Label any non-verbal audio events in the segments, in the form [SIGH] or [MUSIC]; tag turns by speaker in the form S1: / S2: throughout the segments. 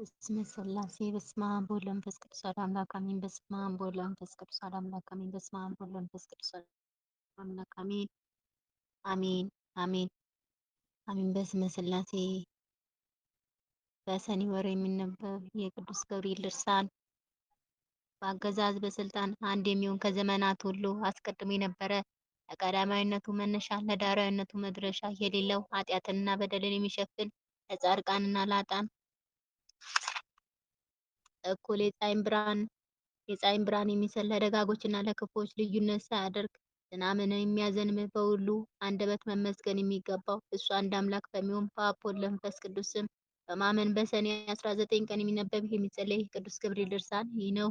S1: በስመ ስላሴ በስመ አብ ወወልድ ወመንፈስ ቅዱስ አሐዱ አምላክ አሜን። በስመ አብ ወወልድ ወመንፈስ ቅዱስ አሐዱ አምላክ አሜን። በስመ አብ ወወልድ ወመንፈስ ቅዱስ አሐዱ አምላክ አሜን አሜን አሜን አሜን። በስመ ስላሴ በሰኔ ወር የሚነበብ የቅዱስ ገብርኤል ድርሳን በአገዛዝ በስልጣን አንድ የሚሆን ከዘመናት ሁሉ አስቀድሞ የነበረ ለቀዳማዊነቱ መነሻ ለዳራዊነቱ መድረሻ የሌለው ኃጢአትንና በደልን የሚሸፍን ለጻድቃንና ለኃጥአን እኩል የፀሐይን ብርሃን የፀሐይን ብርሃን የሚሰል ለደጋጎችና ለክፎች ልዩነት ሳያደርግ ዝናምን የሚያዘንብ በሁሉ አንደበት መመስገን የሚገባው እሱ አንድ አምላክ በሚሆን በአብ ወልድ መንፈስ ቅዱስ ስም በማመን በሰኔ 19 ቀን የሚነበብ የሚጸለይ ቅዱስ ገብርኤል ድርሳን ይህ ነው።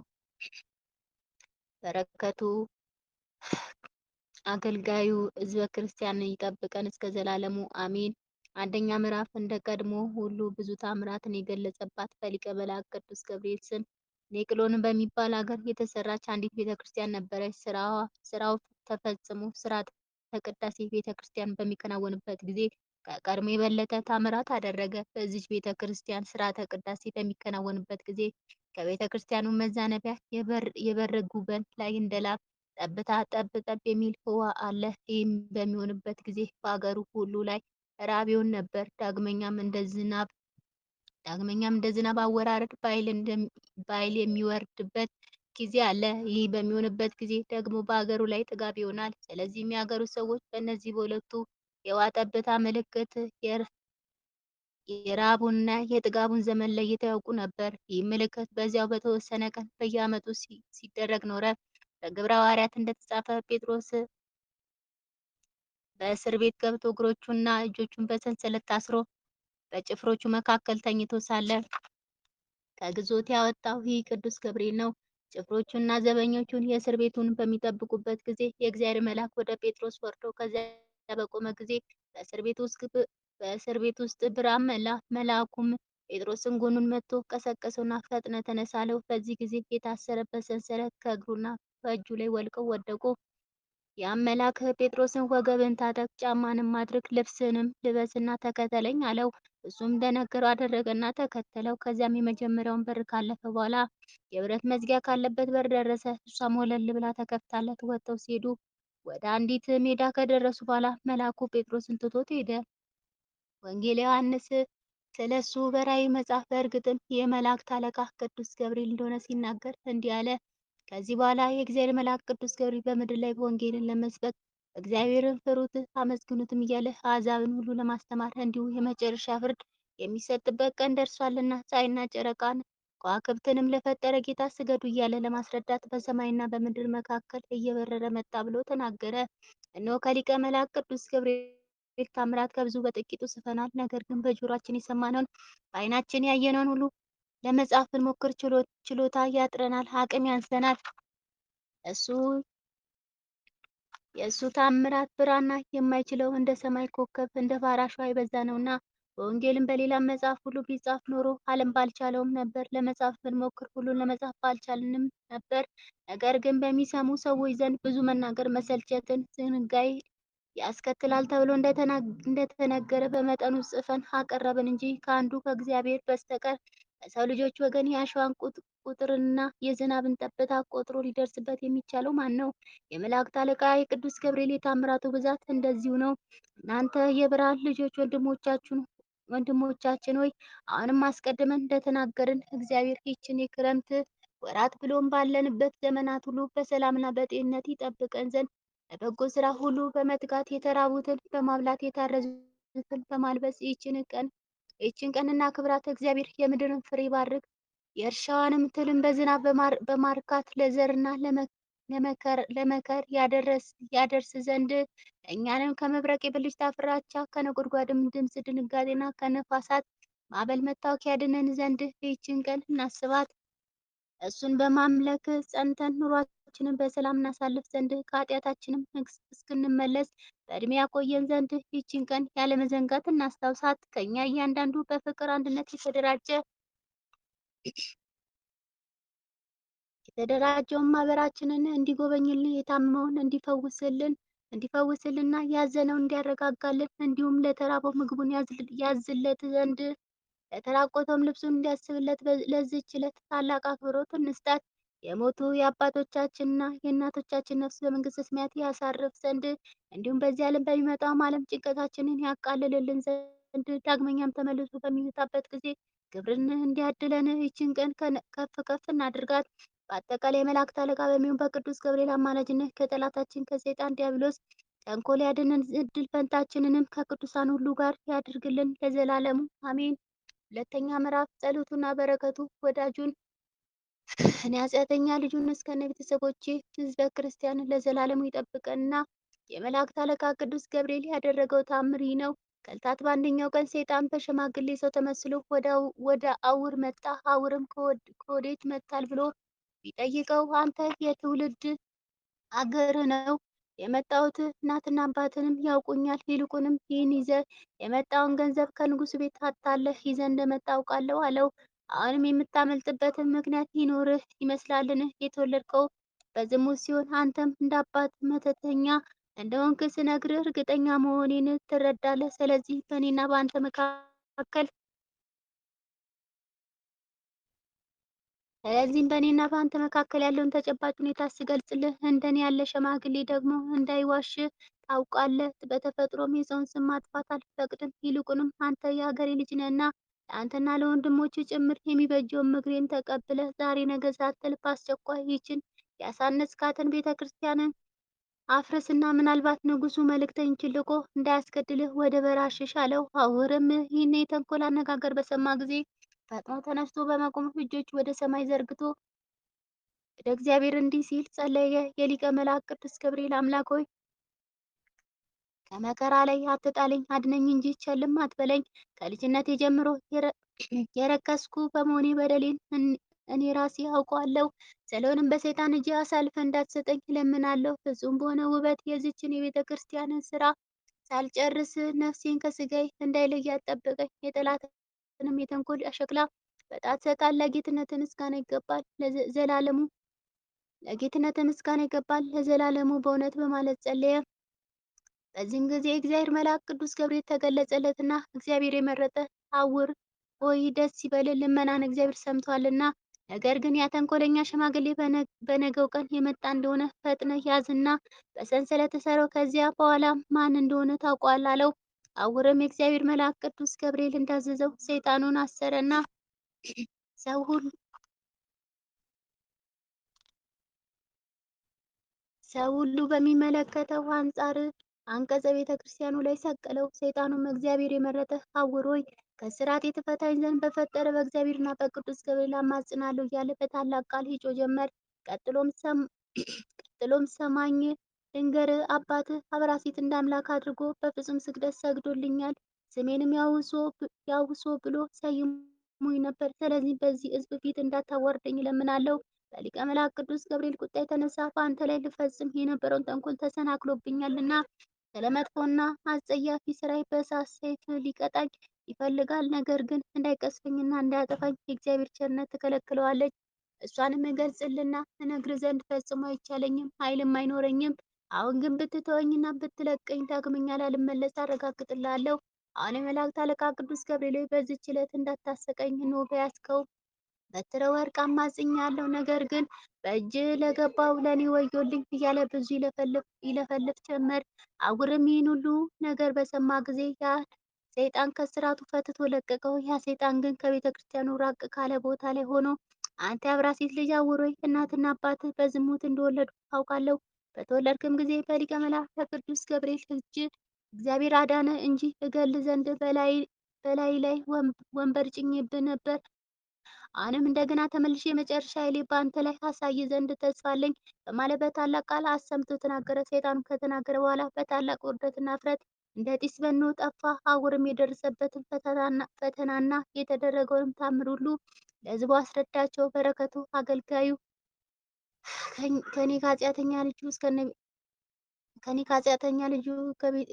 S1: በረከቱ አገልጋዩ ሕዝበ ክርስቲያን ይጠብቀን እስከ ዘላለሙ አሜን። አንደኛ ምዕራፍ እንደ ቀድሞ ሁሉ ብዙ ታምራትን የገለጸባት በሊቀ መላእክት ቅዱስ ገብርኤል ስም ኔቅሎን በሚባል አገር የተሰራች አንዲት ቤተ ክርስቲያን ነበረች። ስራው ተፈጽሞ ስርዓተ ቅዳሴ ቤተ ክርስቲያን በሚከናወንበት ጊዜ ከቀድሞ የበለጠ ታምራት አደረገ። በዚች ቤተ ክርስቲያን ስርዓተ ቅዳሴ በሚከናወንበት ጊዜ ከቤተ ክርስቲያኑ መዛነቢያ የበር ጉበን ላይ እንደ ጠብታ ጠብ ጠብ የሚል ህዋ አለ። ይህም በሚሆንበት ጊዜ በአገሩ ሁሉ ላይ ራቢውን ነበር። ዳግመኛም እንደ ዝናብ ዳግመኛም እንደ ዝናብ አወራረድ ባይል የሚወርድበት ጊዜ አለ። ይህ በሚሆንበት ጊዜ ደግሞ በሀገሩ ላይ ጥጋብ ይሆናል። ስለዚህ የሚያገሩ ሰዎች በእነዚህ በሁለቱ የውሃ ምልክት የራቡንና የጥጋቡን ዘመን ለይተው ያውቁ ነበር። ይህ ምልክት በዚያው በተወሰነ ቀን በየዓመቱ ሲደረግ ኖረ። በግብረ ሐዋርያት እንደተጻፈ ጴጥሮስ በእስር ቤት ገብቶ እግሮቹና እጆቹን በሰንሰለት ታስሮ በጭፍሮቹ መካከል ተኝቶ ሳለ ከግዞት ያወጣው ይህ ቅዱስ ገብርኤል ነው። ጭፍሮቹና ዘበኞቹን የእስር ቤቱን በሚጠብቁበት ጊዜ የእግዚአብሔር መልአክ ወደ ጴጥሮስ ወርዶ ከዚያ በቆመ ጊዜ በእስር ቤት ውስጥ ብርሃን መላ። መልአኩም ጴጥሮስን ጎኑን መጥቶ ቀሰቀሰውና ፈጥነ ተነሳለው። በዚህ ጊዜ የታሰረበት ሰንሰለት ከእግሩና ከእጁ ላይ ወልቀው ወደቁ። የአመላክ ጴጥሮስን ወገብን ታጠቅ፣ ጫማንም አድርግ፣ ልብስንም ልበስና ተከተለኝ አለው። እሱም እንደነገረው አደረገና ተከተለው። ከዚያም የመጀመሪያውን በር ካለፈ በኋላ የብረት መዝጊያ ካለበት በር ደረሰ። እሷም ወለል ብላ ተከፍታለት ወጥተው ሲሄዱ ወደ አንዲት ሜዳ ከደረሱ በኋላ መልአኩ ጴጥሮስን ትቶት ሄደ። ወንጌል ዮሐንስ ስለ እሱ በራእይ መጽሐፍ በእርግጥም የመላእክት አለቃ ቅዱስ ገብርኤል እንደሆነ ሲናገር እንዲህ አለ። ከዚህ በኋላ የእግዚአብሔር መልአክ ቅዱስ ገብርኤል በምድር ላይ ወንጌልን ለመስበክ እግዚአብሔርን ፍሩት አመስግኑትም እያለ አሕዛብን ሁሉ ለማስተማር እንዲሁ የመጨረሻ ፍርድ የሚሰጥበት ቀን ደርሷልና ፀሐይና ጨረቃን ከዋክብትንም ለፈጠረ ጌታ ስገዱ እያለ ለማስረዳት በሰማይና በምድር መካከል እየበረረ መጣ ብሎ ተናገረ። እነሆ ከሊቀ መልአክ ቅዱስ ገብርኤል ታምራት ከብዙ በጥቂቱ ስፈናል። ነገር ግን በጆሯችን የሰማነውን በዓይናችን ያየነውን ሁሉ ለመጻፍ ብንሞክር ችሎታ ያጥረናል፣ አቅም ያንሰናል። እሱ የእሱ ታምራት ብራና የማይችለው እንደ ሰማይ ኮከብ እንደ ባራሹ አይበዛ ነውና በወንጌልም በሌላም መጽሐፍ ሁሉ ቢጻፍ ኖሮ ዓለም ባልቻለውም ነበር። ለመጻፍ ብንሞክር ሁሉን ለመጻፍ ባልቻልንም ነበር። ነገር ግን በሚሰሙ ሰዎች ዘንድ ብዙ መናገር መሰልቸትን፣ ስንጋይ ያስከትላል ተብሎ እንደተነገረ በመጠኑ ጽፈን አቀረብን እንጂ ከአንዱ ከእግዚአብሔር በስተቀር ሰው ልጆች ወገን የአሸዋን ቁጥርና የዝናብን ጠብታ ቆጥሮ ሊደርስበት የሚቻለው ማን ነው? የመላእክት አለቃ የቅዱስ ገብርኤል የታምራቱ ብዛት እንደዚሁ ነው። እናንተ የብርሃን ልጆች ወንድሞቻችሁን ወንድሞቻችን ሆይ አሁንም አስቀድመን እንደተናገርን እግዚአብሔር ይችን የክረምት ወራት ብሎም ባለንበት ዘመናት ሁሉ በሰላምና በጤንነት ይጠብቀን ዘንድ በበጎ ስራ ሁሉ በመትጋት የተራቡትን በማብላት የታረዙትን በማልበስ ይችን ቀን ይህችን ቀንና ክብራት እግዚአብሔር የምድርን ፍሬ ይባርክ፣ የእርሻዋንም ትልን በዝናብ በማርካት ለዘርና ለመከር ያደርስ ዘንድ እኛንም ከመብረቅ የብልጭታ ፍራቻ ከነጎድጓድም ድምፅ ድንጋጤና ከነፋሳት ማዕበል መታወክ ያድነን ዘንድ ይህችን ቀን እናስባት። እሱን በማምለክ ጸንተን ኑሯችንን በሰላም እናሳልፍ ዘንድ ከኃጢአታችንም እስክንመለስ በእድሜ ያቆየን ዘንድ ይችን ቀን ያለመዘንጋት እናስታውሳት። ከኛ እያንዳንዱ በፍቅር አንድነት የተደራጀ የተደራጀውን ማህበራችንን እንዲጎበኝልን የታመመውን እንዲፈውስልን እንዲፈውስልና ያዘነውን እንዲያረጋጋልን እንዲሁም ለተራበው ምግቡን ያዝለት ዘንድ ለተራቆተውም ልብሱን እንዲያስብለት ለዚህች ዕለት ታላቅ አክብሮትን እንስጣት። የሞቱ የአባቶቻችንና የእናቶቻችን ነፍስ በመንግስተ ሰማያት ያሳርፍ ዘንድ እንዲሁም በዚህ ዓለም በሚመጣው ዓለም ጭንቀታችንን ያቃልልልን ዘንድ ዳግመኛም ተመልሶ በሚመጣበት ጊዜ ግብርን እንዲያድለን ይችን ቀን ከፍ ከፍ እናድርጋት። በአጠቃላይ የመላእክት አለቃ በሚሆን በቅዱስ ገብርኤል አማላጅነት ከጠላታችን ከሰይጣን ዲያብሎስ ተንኮል ያድነን፣ እድል ፈንታችንንም ከቅዱሳን ሁሉ ጋር ያድርግልን ለዘላለሙ አሜን። ሁለተኛ ምዕራፍ ጸሎቱና በረከቱ ወዳጁን እኔ ኃጢአተኛ ልጁን እስከነ ቤተሰቦቼ ህዝበ ክርስቲያን ለዘላለሙ ይጠብቀንና የመላእክት አለቃ ቅዱስ ገብርኤል ያደረገው ታምሪ ነው። ከዕለታት በአንደኛው ቀን ሰይጣን በሽማግሌ ሰው ተመስሎ ወደ አውር መጣ። አውርም ከወዴት መጣል ብሎ ቢጠይቀው አንተ የትውልድ አገር ነው የመጣሁት እናትና አባትንም ያውቁኛል። ይልቁንም ይህን ይዘህ የመጣውን ገንዘብ ከንጉሥ ቤት አታለህ ይዘህ እንደመጣ አውቃለሁ አለው። አሁንም የምታመልጥበትን ምክንያት ይኖርህ ይመስላልን? የተወለድከው በዝሙት ሲሆን አንተም እንዳባት መተተኛ እንደሆንክ ስነግርህ እርግጠኛ መሆኔን ትረዳለህ። ስለዚህ በእኔና በአንተ መካከል ስለዚህም በእኔና በአንተ መካከል ያለውን ተጨባጭ ሁኔታ ስገልጽልህ እንደኔ ያለ ሸማግሌ ደግሞ እንዳይዋሽ ታውቃለህ። በተፈጥሮም የሰውን ስም ማጥፋት አልፈቅድም። ይልቁንም አንተ የሀገሬ ልጅ ነህና ለአንተና ለወንድሞች ጭምር የሚበጀውን ምክሬን ተቀብለህ ዛሬ ነገ ሳትል በአስቸኳይ ይችን ያሳነጽካትን ቤተ ክርስቲያንን አፍርስና ምናልባት ንጉሱ መልእክተኝ ልኮ እንዳያስገድልህ ወደ በረሃ አለው። አውርም ይህን የተንኮል አነጋገር በሰማ ጊዜ ፈጥኖ ተነስቶ በመቆም እጆች ወደ ሰማይ ዘርግቶ ወደ እግዚአብሔር እንዲህ ሲል ጸለየ። የሊቀ መልአክ ቅዱስ ገብርኤል አምላክ ሆይ ከመከራ ላይ አትጣለኝ፣ አድነኝ እንጂ ቸልም አትበለኝ። ከልጅነት ጀምሮ የረከስኩ በመሆኔ በደሌን እኔ ራሴ አውቀዋለሁ። ስለሆንም በሰይጣን እጅ አሳልፈ እንዳትሰጠኝ እለምናለሁ። ፍጹም በሆነ ውበት የዚችን የቤተ ክርስቲያንን ስራ ሳልጨርስ ነፍሴን ከስጋዬ እንዳይለይ አጠብቀኝ። የጠላት የኃጢአትንም የተንኮል አሸክላ በጣት ሰጣላ ጌትነትን ምስጋና ይገባል ለዘላለሙ ለጌትነትን ምስጋና ይገባል ለዘላለሙ በእውነት በማለት ጸለየ። በዚህም ጊዜ እግዚአብሔር መልአክ ቅዱስ ገብርኤል ተገለጸለትና እግዚአብሔር የመረጠ አውር ሆይ ደስ ይበል፣ ልመናን እግዚአብሔር ሰምቷልና። ነገር ግን ያ ተንኮለኛ ሽማግሌ በነገው ቀን የመጣ እንደሆነ ፈጥነ ያዝና በሰንሰለት ተሰረው፣ ከዚያ በኋላ ማን እንደሆነ ታውቋል አለው። አውርም የእግዚአብሔር መልአክ ቅዱስ ገብርኤል እንዳዘዘው ሰይጣኑን አሰረና ሰው ሁሉ ሰው ሁሉ በሚመለከተው አንጻር አንቀጸ ቤተ ክርስቲያኑ ላይ ሰቀለው። ሰይጣኑም እግዚአብሔር የመረጠ አውሮይ ከስርዓት የተፈታኝ ዘንድ በፈጠረ በእግዚአብሔርና በቅዱስ ገብርኤል አማጽናለሁ እያለ በታላቅ ቃል ሂጮ ጀመር። ቀጥሎም [CLEARS THROAT] ሰማኝ ድንገር አባትህ አብራሲት እንደ አምላክ አድርጎ በፍጹም ስግደት ሰግዶልኛል። ስሜንም ያውሶ ብሎ ሰይሙኝ ነበር። ስለዚህ በዚህ ሕዝብ ፊት እንዳታዋርደኝ ለምናለው። በሊቀ መልአክ ቅዱስ ገብርኤል ቁጣ የተነሳ በአንተ ላይ ልፈጽም የነበረውን ተንኮል ተሰናክሎብኛልና ስለ መጥፎና አጸያፊ ስራይ በእሳት ሰይፍ ሊቀጣኝ ይፈልጋል። ነገር ግን እንዳይቀስፈኝና እንዳያጠፋኝ የእግዚአብሔር ቸርነት ትከለክለዋለች። እሷንም እገልጽልና እነግር ዘንድ ፈጽሞ አይቻለኝም፣ ኃይልም አይኖረኝም። አሁን ግን ብትተወኝና ብትለቀኝ ዳግመኛ ላልመለስ አረጋግጥልሃለሁ። አሁን የመላእክት አለቃ ቅዱስ ገብርኤል በዚች ዕለት እንዳታሰቀኝ ኖ በያዝከው በትረ ወርቅ አማጽኛለሁ። ነገር ግን በእጅ ለገባው ለእኔ ወዮልኝ እያለ ብዙ ይለፈልፍ ጀመር። አጉርም ይህን ሁሉ ነገር በሰማ ጊዜ ያ ሰይጣን ከስራቱ ፈትቶ ለቀቀው። ያ ሰይጣን ግን ከቤተ ክርስቲያኑ ራቅ ካለ ቦታ ላይ ሆኖ አንተ የአብራ ሴት ልጅ አውሮ እናትና አባትህ በዝሙት እንደወለዱ ታውቃለሁ በተወለድክም ጊዜ በሊቀ መላእክት ቅዱስ ገብርኤል እጅ እግዚአብሔር አዳነ እንጂ እገል ዘንድ በላይ ላይ ወንበር ጭኝብ ነበር። አንም እንደገና ተመልሼ የመጨረሻ ኃይሌ በአንተ ላይ አሳይ ዘንድ ተስፋ አለኝ በማለት በታላቅ ቃል አሰምቶ ተናገረ። ሰይጣኑ ከተናገረ በኋላ በታላቅ ውርደትና እፍረት እንደ ጢስ በኖ ጠፋ። አውርም የደረሰበትን ፈተናና የተደረገውንም ታምር ሁሉ ለሕዝቡ አስረዳቸው። በረከቱ አገልጋዩ ከኔ ከኃጢአተኛ ልጁ ከኔ ከኃጢአተኛ ልጁ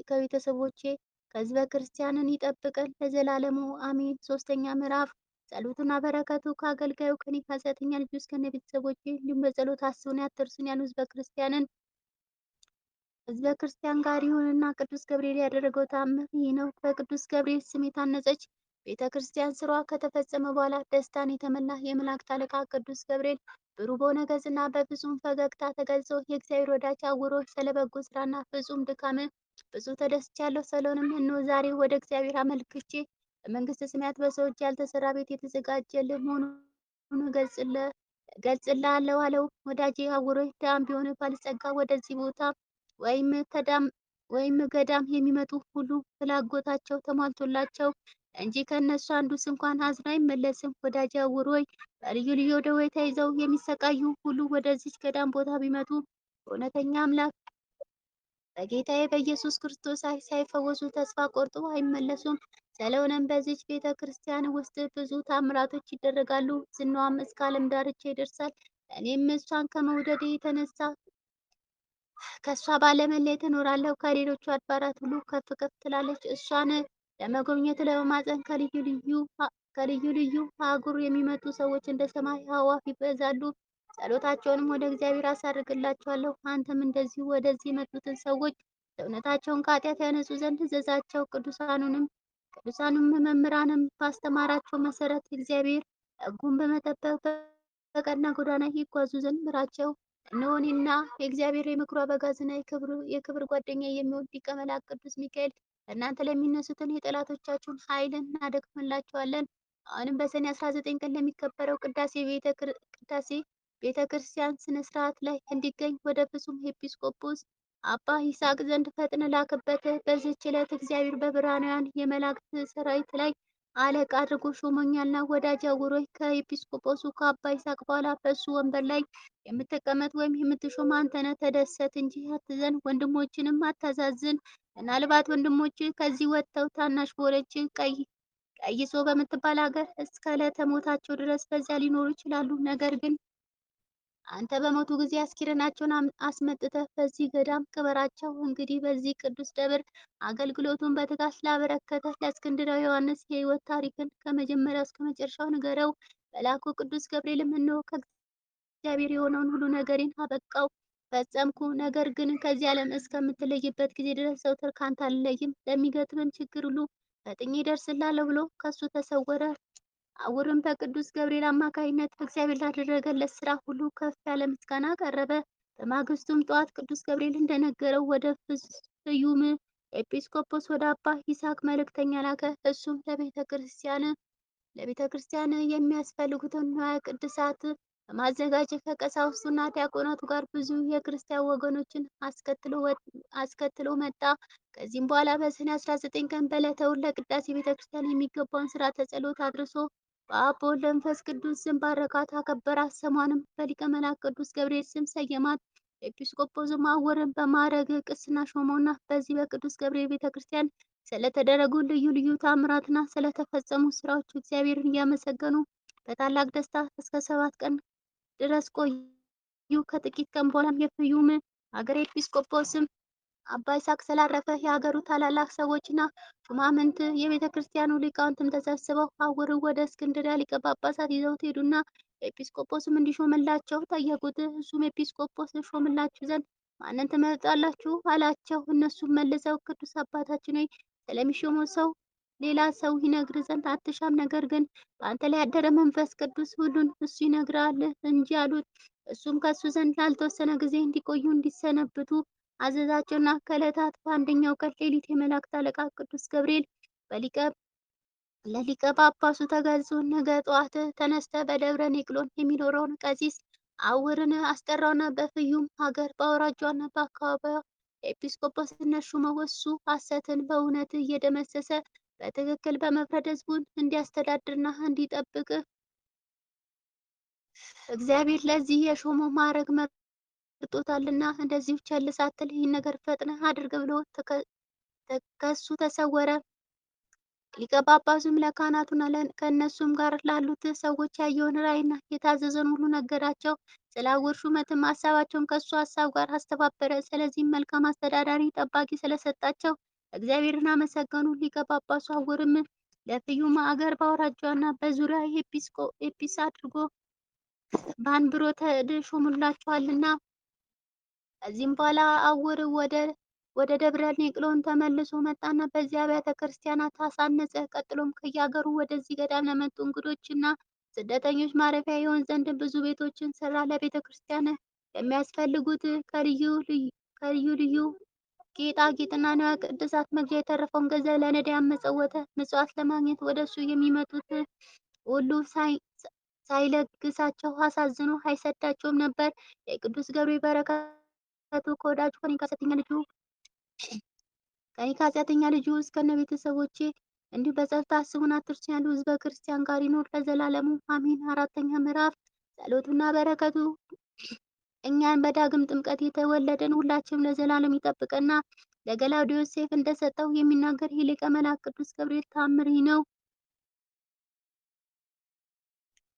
S1: ከቤተሰቦቼ ከህዝበ ክርስቲያንን ይጠብቀን ለዘላለሙ አሜን። ሶስተኛ ምዕራፍ ጸሎቱና በረከቱ ከአገልጋዩ ከኔ ከኃጢአተኛ ልጁ እስከነ ቤተሰቦቼ እንዲሁም በጸሎት አስቡን ያትርሱን ያሉ ህዝበ ክርስቲያንን ህዝበ ክርስቲያን ጋር ይሁንና ቅዱስ ገብርኤል ያደረገው ተአምር ይህ ነው። በቅዱስ ገብርኤል ስም የታነጸች ቤተ ክርስቲያን ስሯ ከተፈጸመ በኋላ ደስታን የተመላ የመላእክት አለቃ ቅዱስ ገብርኤል ብሩህ በሆነ ገጽና በፍጹም ፈገግታ ተገልጾ የእግዚአብሔር ወዳጅ አውሮች ስለበጎ ስራና ፍጹም ድካም ብዙ ተደስቻለሁ። ስለሆነም እነሆ ዛሬ ወደ እግዚአብሔር አመልክቼ በመንግስተ ሰማያት በሰው እጅ ያልተሰራ ቤት የተዘጋጀልህ መሆኑን እገልጽልሃለሁ አለው። ወዳጄ አውሮች ድሃም ቢሆን ባልጸጋ ወደዚህ ቦታ ወይም ገዳም የሚመጡ ሁሉ ፍላጎታቸው ተሟልቶላቸው እንጂ ከእነሱ አንዱስ እንኳን አዝኖ አይመለስም። ወዳጅ አውሮይ በልዩ ልዩ ደዌ ተይዘው የሚሰቃዩ ሁሉ ወደዚች ገዳም ቦታ ቢመጡ እውነተኛ አምላክ በጌታዬ በኢየሱስ ክርስቶስ ሳይፈወሱ ተስፋ ቆርጦ አይመለሱም። ስለሆነም በዚች ቤተ ክርስቲያን ውስጥ ብዙ ታምራቶች ይደረጋሉ። ዝናዋም እስከ ዓለም ዳርቻ ይደርሳል። እኔም እሷን ከመውደድ የተነሳ ከእሷ ባለመለየት ትኖራለሁ። ከሌሎቹ አድባራት ሁሉ ከፍ ከፍ ትላለች። እሷን ለመጎብኘት ለመማፀን ከልዩ ልዩ ከልዩ ልዩ አህጉር የሚመጡ ሰዎች እንደ ሰማይ አዕዋፍ ይበዛሉ። ጸሎታቸውንም ወደ እግዚአብሔር አሳርግላቸዋለሁ። አንተም እንደዚሁ ወደዚህ የመጡትን ሰዎች ሰውነታቸውን ከኃጢአት ያነጹ ዘንድ እዘዛቸው። ቅዱሳኑንም ቅዱሳኑም መምህራንም ባስተማራቸው መሰረት እግዚአብሔር ሕጉን በመጠበቅ በቀና ጎዳና ይጓዙ ዘንድ ምራቸው። እነሆኔና የእግዚአብሔር የምክሩ አበጋዝና የክብር ጓደኛ የሚሆን ሊቀ መላእክት ቅዱስ ሚካኤል እናንተ ለሚነሱትን የጠላቶቻችሁን ኃይል እናደክምላቸዋለን። አሁንም በሰኔ 19 ቀን ለሚከበረው ቅዳሴ ቅዳሴ ቤተ ክርስቲያን ስነ ስርዓት ላይ እንዲገኝ ወደ ፍጹም ኤጲስቆጶስ አባ ይስሐቅ ዘንድ ፈጥነ ላከበት። በዚች ዕለት እግዚአብሔር በብርሃናውያን የመላእክት ሰራዊት ላይ አለቃ አድርጎ ሾሞኛልና ወዳጅ አውሮኝ ከኤጲስቆጶሱ ከአባ ይስሐቅ በኋላ በሱ ወንበር ላይ የምትቀመጥ ወይም የምትሾም አንተ ነህ። ተደሰት እንጂ አትዘን፣ ወንድሞችንም አታዛዝን። ምናልባት ወንድሞች ከዚህ ወጥተው ታናሽ በሆነች ቀይ ቀይሶ በምትባል ሀገር እስከ ዕለተ ሞታቸው ድረስ በዚያ ሊኖሩ ይችላሉ። ነገር ግን አንተ በሞቱ ጊዜ አስኪረናቸውን አስመጥተህ በዚህ ገዳም ቅበራቸው። እንግዲህ በዚህ ቅዱስ ደብር አገልግሎቱን በትጋት ስላበረከተ ለእስክንድራዊ ዮሐንስ የህይወት ታሪክን ከመጀመሪያው እስከ መጨረሻው ንገረው። መልአኩ ቅዱስ ገብርኤልም እነሆ ከእግዚአብሔር የሆነውን ሁሉ ነገሬን አበቃው ፈጸምኩ። ነገር ግን ከዚህ ዓለም እስከምትለይበት ጊዜ ድረስ ዘወትር ካንተ አልለይም፣ ለሚገጥምም ችግር ሁሉ ፈጥኜ እደርስልሃለሁ ብሎ ከሱ ተሰወረ። አውርም በቅዱስ ገብርኤል አማካኝነት እግዚአብሔር ላደረገለት ስራ ሁሉ ከፍ ያለ ምስጋና ቀረበ። በማግስቱም ጠዋት ቅዱስ ገብርኤል እንደነገረው ወደ ፍዩም ኤጲስቆጶስ ወደ አባ ይስሐቅ መልእክተኛ ላከ። እሱም ለቤተ ክርስቲያን ለቤተ ክርስቲያን የሚያስፈልጉትን ንዋየ ቅድሳት በማዘጋጀት ከቀሳውስቱና ዲያቆናቱ ጋር ብዙ የክርስቲያን ወገኖችን አስከትሎ መጣ። ከዚህም በኋላ በሰኔ 19 ቀን በዕለተ እሁድ ለቅዳሴ ቤተ ክርስቲያን የሚገባውን ስራ ጸሎት አድርሶ በአብ በወልድ በመንፈስ ቅዱስ ስም ባረካት፣ አከበራት። ሰሟንም በሊቀ መላእክት ቅዱስ ገብርኤል ስም ሰየማት። ኤጲስቆጶስ ማወርን በማዕረገ ቅስና ሾመውና በዚህ በቅዱስ ገብርኤል ቤተ ክርስቲያን ስለተደረጉ ልዩ ልዩ ታምራትና ስለተፈጸሙ ስራዎች እግዚአብሔርን እያመሰገኑ በታላቅ ደስታ እስከ ሰባት ቀን ድረስ ቆዩ። ከጥቂት ቀን በኋላም የፍዩም ሀገር ኤጲስቆጶስም አባ ይስሐቅ ስላረፈ የሀገሩ ታላላቅ ሰዎችና ሹማምንት የቤተ ክርስቲያኑ ሊቃውንትም ተሰብስበው ሐውርን ወደ እስክንድሪያ ሊቀ ጳጳሳት ይዘውት ሄዱና ኤጲስቆጶስም እንዲሾምላቸው ጠየቁት። እሱም ኤጲስቆጶስ ሾምላችሁ ዘንድ ማንን ትመርጣላችሁ? አላቸው። እነሱም መልሰው ቅዱስ አባታችን ሆይ ስለሚሾመው ሰው ሌላ ሰው ይነግር ዘንድ አትሻም፣ ነገር ግን በአንተ ላይ ያደረ መንፈስ ቅዱስ ሁሉን እሱ ይነግራል እንጂ አሉት። እሱም ከእሱ ዘንድ ላልተወሰነ ጊዜ እንዲቆዩ እንዲሰነብቱ አዘዛቸውና ከዕለታት በአንደኛው ቀን ሌሊት የመላእክት አለቃ ቅዱስ ገብርኤል በሊቀ ለሊቀ ጳጳሱ ተገልጾ ነገ ጠዋት ተነስተ በደብረ ኔቅሎን የሚኖረውን ቀሲስ አውርን አስጠራውና በፍዩም ሀገር በአውራጇና በአካባቢዋ ኤጲስቆጶስነት ሹመው እሱ ሐሰትን በእውነት እየደመሰሰ በትክክል በመፍረድ ህዝቡን እንዲያስተዳድርና እንዲጠብቅ እግዚአብሔር ለዚህ የሾመ ማዕረግ መርጦታልና እንደዚሁ ቸል ሳትል ይህን ነገር ፈጥነህ አድርግ ብሎ ከሱ ተሰወረ። ሊቀ ጳጳሱም ለካህናቱና ከእነሱም ጋር ላሉት ሰዎች ያየውን ራእይና የታዘዘን ሁሉ ነገራቸው። ስለ አህጉር ሹመትም ሀሳባቸውን ከእሱ ሀሳብ ጋር አስተባበረ። ስለዚህም መልካም አስተዳዳሪ ጠባቂ ስለሰጣቸው እግዚአብሔርን አመሰገኑ። ሊቀ ጳጳሱ አውርም ለፍዩም አገር በአውራጃና በዙሪያ ኤጲስ አድርጎ በአንብሮ ተሾሙላቸዋልና። ከዚህም በኋላ አውር ወደ ደብረ ኒቅሎን ተመልሶ መጣና በዚያ አብያተ ክርስቲያናት አሳነጸ። ቀጥሎም ከየአገሩ ወደዚህ ገዳም ለመጡ እንግዶችና ስደተኞች ማረፊያ የሆን ዘንድ ብዙ ቤቶችን ሰራ። ለቤተ ክርስቲያን የሚያስፈልጉት ከልዩ ልዩ ጌጣጌጥና ቅድሳት መግዣ የተረፈውን ገንዘብ ለነዳያን መጸወተ። ምጽዋት ለማግኘት ወደ እሱ የሚመጡት ሁሉ ሳይለግሳቸው አሳዝኖ አይሰዳቸውም ነበር። የቅዱስ ገብርኤል በረከቱ ከወዳጁ ከኒካሰተኛ ልጁ ከኒካሰተኛ ልጁ እስከነ ቤተሰቦቼ እንዲሁ በጸጥታ አስቡን አትርሱ ያሉ ህዝበ ክርስቲያን ጋር ይኖር ለዘላለሙ አሚን። አራተኛ ምዕራፍ ጸሎቱና በረከቱ እኛን በዳግም ጥምቀት የተወለደን ሁላችንም ለዘላለም ይጠብቀና ለገላውዴዎስ ሰይፍ እንደሰጠው የሚናገር ይህ ሊቀ መላእክት ቅዱስ ገብርኤል ታምሪ ነው።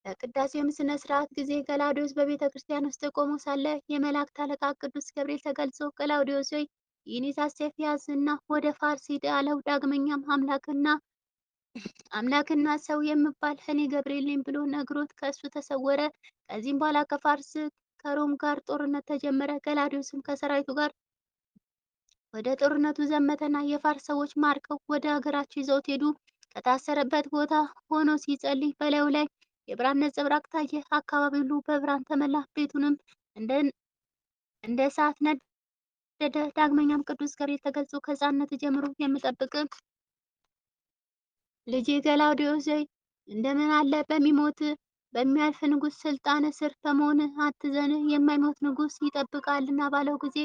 S1: በቅዳሴውም ስነ ስርዓት ጊዜ ገላውዴዎስ በቤተ ክርስቲያን ውስጥ ቆሞ ሳለ የመላእክት አለቃ ቅዱስ ገብርኤል ተገልጾ ገላውዴዎስ ሆይ ይኒሳ ሰይፍ ያዝና ወደ ፋርስ ሂድ አለው። ዳግመኛም አምላክና አምላክና ሰው የምባል እኔ ገብርኤል ነኝ ብሎ ነግሮት ከእሱ ተሰወረ። ከዚህም በኋላ ከፋርስ ከሮም ጋር ጦርነት ተጀመረ። ገላዲዮስም ከሰራዊቱ ጋር ወደ ጦርነቱ ዘመተና የፋርስ ሰዎች ማርከው ወደ ሀገራቸው ይዘውት ሄዱ። ከታሰረበት ቦታ ሆኖ ሲጸልይ በላዩ ላይ የብርሃን ነጸብራቅ ታየ። አካባቢው ሁሉ በብርሃን ተመላ። ቤቱንም እንደ እሳት ነደደ። ዳግመኛም ቅዱስ ገብርኤል ተገልጾ ከሕፃንነት ጀምሮ የምጠብቅ ልጄ ገላውዴዎስ እንደምን አለ በሚሞት በሚያልፍ ንጉሥ ስልጣን ስር ከመሆን አትዘን፣ የማይሞት ንጉሥ ይጠብቃልና ባለው ጊዜ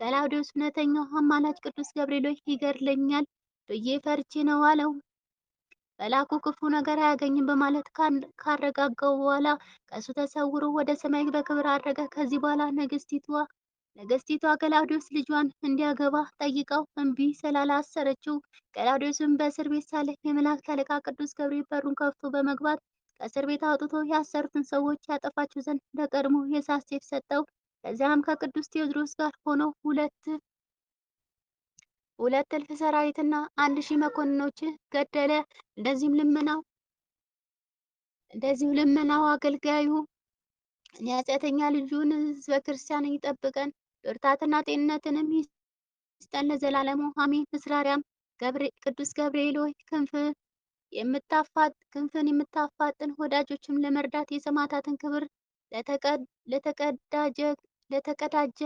S1: ቀላውዴዎስ እውነተኛው አማላጅ ቅዱስ ገብርኤሎች ይገድለኛል ብዬ ፈርቼ ነው አለው። በላኩ ክፉ ነገር አያገኝም በማለት ካረጋጋው በኋላ ከእሱ ተሰውሮ ወደ ሰማይ በክብር አድረገ። ከዚህ በኋላ ነገስቲቷ ነገስቲቷ ቀላውዴዎስ ልጇን እንዲያገባ ጠይቀው እምቢ አሰረችው ቀላውዴዎስም በእስር ቤት ሳለ የመላእክት አለቃ ቅዱስ ገብርኤል በሩን ከፍቶ በመግባት ከእስር ቤት አውጥቶ ያሰሩትን ሰዎች ያጠፋቸው ዘንድ ቀድሞ የእሳት ሰይፍ ሰጠው። ከዚያም ከቅዱስ ቴዎድሮስ ጋር ሆኖ ሁለት ሁለት እልፍ ሰራዊትና አንድ ሺህ መኮንኖች ገደለ። እንደዚህም ልመናው እንደዚሁ ልመናው አገልጋዩ ኃጢአተኛ ልጁን ህዝበ ክርስቲያን ይጠብቀን ብርታትና ጤንነትንም ይስጠን ለዘላለሙ አሜን። ምስራሪያም ቅዱስ ገብርኤል ሆይ ክንፍ የምታፋጥ ክንፍን የምታፋጥን ወዳጆችም ለመርዳት የሰማዕታትን ክብር ለተቀዳጀ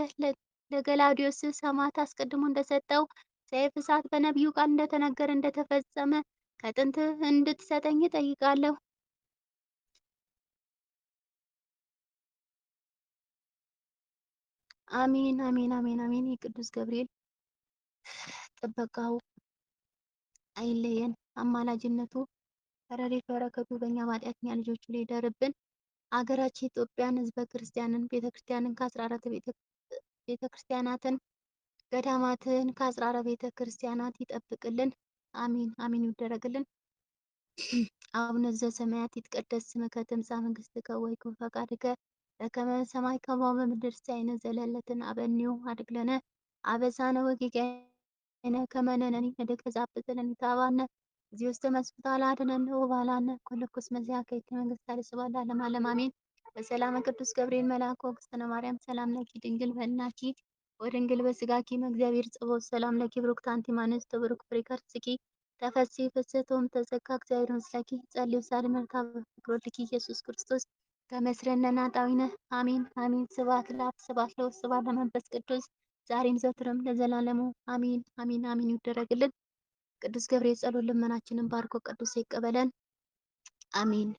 S1: ለገላውዲዮስ ሰማዕት አስቀድሞ እንደሰጠው ሰይፍ እሳት በነቢዩ ቃል እንደተነገረ እንደተፈጸመ ከጥንት እንድትሰጠኝ እጠይቃለሁ። አሜን አሜን አሜን አሜን። የቅዱስ ገብርኤል ጥበቃው አይለየን። አማላጅነቱ ከረድኤት በረከቱ በእኛ በኃጢአተኛ ልጆቹ ላይ ይደርብን። አገራችን ኢትዮጵያን፣ ህዝበ ክርስቲያንን፣ ቤተ ክርስቲያንን ከአጽራረ ቤተ ክርስቲያናትን፣ ገዳማትን ከአጽራረ ቤተ ክርስቲያናት ይጠብቅልን። አሚን አሚን ይደረግልን። አቡነ ዘበሰማያት ይትቀደስ ስምከ ትምጻእ መንግሥትከ ወይኩን ፈቃድከ በከመ በሰማይ ከማሁ በምድር ሲሳየነ ዘለለትን አበኒዮ አድግለነ አበሳነ ወጌጋየነ ከመ ንሕነኒ ንድግ ዛብእ ዘለኒታባነ እግዚኦ ዝተመስፍታ አድነን ባላነ ኩሉ ኩስ መዚያ ከይት መንግስት አልስባላ ለማለም አሜን። በሰላም ቅዱስ ገብርኤል መልአክ ወክስተነ ማርያም ሰላም ለኪ ድንግል በእናኪ ወድንግል በስጋኪ እግዚአብሔር ጽቦት ሰላም ለኪ ብሩክት አንቲ እምአንስት ብሩክ ፍሬ ከርሥኪ ተፈሲ ፍስቶም ተዘካ እግዚአብሔር ምስላኪ ጸልዩ ሳል መልካ ፍቅሮልኪ ኢየሱስ ክርስቶስ ከመስረነና ጣዊነ አሜን አሜን። ስብሐት ለአብ ስብሐት ለወልድ ስብሐት ለመንፈስ ቅዱስ ዛሬም ዘወትርም ለዘላለሙ አሜን አሜን አሜን ይደረግልን። ቅዱስ ገብርኤል ጸሎት ልመናችንን ባርኮ ቅዱስ ይቀበለን። አሜን።